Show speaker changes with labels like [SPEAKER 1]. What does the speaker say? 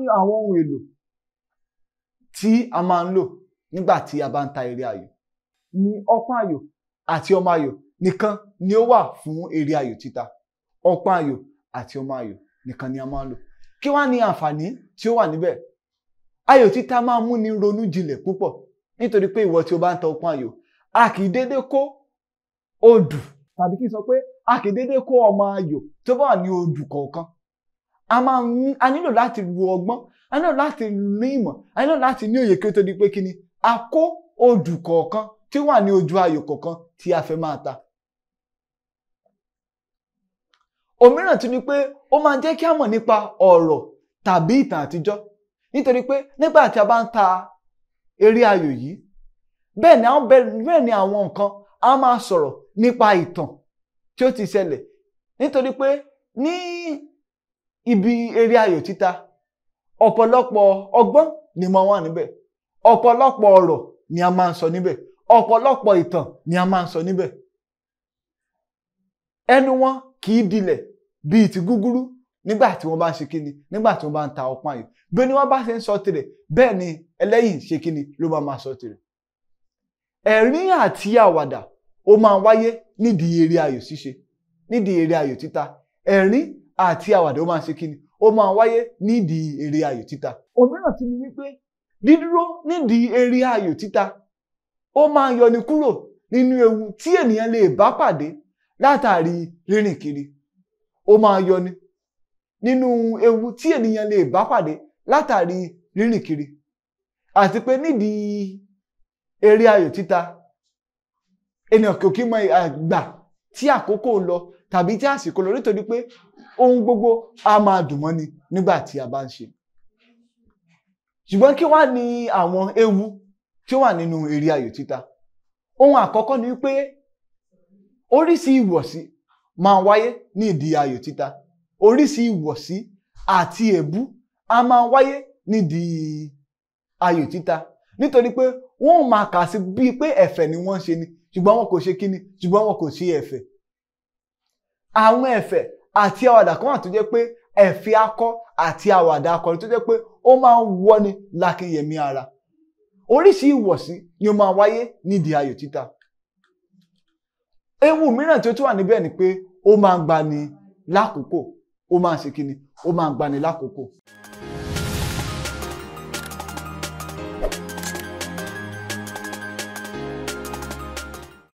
[SPEAKER 1] ni àwọn ohun èlò tí a máa ń lò nígbà a bá ń ta eré ayò ní ọpọ́n ayò àti ọmọ ayò nìkan ni ó wà fún eré ayò títa ọpọ́n ayò àti ọmọ ayò nìkan ni a máa ń lò kí wá ni àǹfààní tí ó wà níbẹ̀ ayò títa máa ń múni ronú jinlẹ̀ púpọ̀ nítorí pé ìwọ tí o bá ń ta ọpọ́n ayò a kì í dédé kó odù tàbí kí n sọ pé a kì í dédé kó ọmọ ayò tó bá wà ní odù kọ̀ọ̀kan a máa ń a nílò láti lo ọgbọ́n a nílò láti ní ìmọ̀ a nílò láti ní òye kí ó tó di pé kí ni a kó odù kọ̀ọ̀kan tí wà ní ojú ayò kọ̀ọ̀kan tí a fẹ́ máa ta. òmíràn tún ni pé ó máa jẹ́ kí a mọ̀ nípa ọ̀rọ̀ tàbí ìtàn àtijọ́ nítorí pé nígbà tí a bá ń ta eré ayò yìí bẹ́ẹ̀ ni àwọn bẹ́ẹ̀ ni àwọn nǹkan a máa sọ̀rọ̀ nípa ìtàn tí ó ti ṣẹlẹ̀ nítorí pé ní ibi eré ayò títa ọ̀pọ̀lọpọ̀ ọgbọ́n ni mo wà níbẹ̀ ọ̀pọ̀lọpọ̀ ọ̀rọ̀ ni a máa ń sọ níbẹ̀ ọ̀pọ̀lọpọ̀ ìtàn ni a máa ń sọ níbẹ̀ ẹnu wọn kì í dilẹ̀ bíi ti gúgúrú nígbà tí wọ́n bá ń ṣe kíni nígbà tí wọ́n bá ń ta ọpọ́n ayò bí ni wọ́n bá ṣe ń sọ tirẹ̀ bẹ́ẹ̀ ni ẹlẹ́yìn ṣe kíni ló máa máa sọ tirẹ̀ ẹ̀rín àti àwàdà ó máa wáyé nídìí eré ayò ṣíṣe nídìí eré ayò títa ẹ̀rín àti àwàdà ó máa ń ṣe kí ni ó máa ń wáyé nídìí eré ayò títa. òmíràn ti ni wípé dídúró nídìí eré ayò títa ó máa ń yọni kúrò nínú ewu tí ènìyàn lè bá pàdé látàrí rírìn kiri ó máa yọni nínú ewu tí ènìyàn lè bá pàdé látàrí rírìn kiri àti pé nídìí eré ayò títa ènìyàn kò kí mọ àgbà tí àkókò lọ tàbí tí àsìkò lọ nítorí pé ohun gbogbo a máa dùn mọ́ni nígbà tí a bá ń ṣe. ṣùgbọ́n kí wá ní àwọn ewu tí ó wà nínú eré ayò títa ohun àkọ́kọ́ ni pé oríṣi ìwọ̀sí máa wáyé ní ìdí ayò títa oríṣi ìwọ̀sí àti èébú a máa wáyé nídìí ayò títa nítorí pé wọ́n máa kà sí bíi pé ẹ̀fẹ̀ ni wọ́n ń ṣe ni ṣùgbọ́n wọn kò ṣe kíni ṣùgbọ́n wọn kò ṣe ẹ̀fẹ̀ àwọn ẹ̀fẹ̀ àti àwàdà kan wà tó jẹ́ pé ẹ̀fẹ̀ akọ àti àwàdà akọni tó jẹ́ pé ó máa ń wọ́ni lákìyẹ̀mí ara oríṣi ìwọ̀sí ni ó máa wáyé nídìí ayò títa ewu mìíràn tí ó tún wà níbẹ̀ ni pé ó máa ń gbani lákòókò ó máa ń ṣe kíni ó máa ń gbani lákòókò.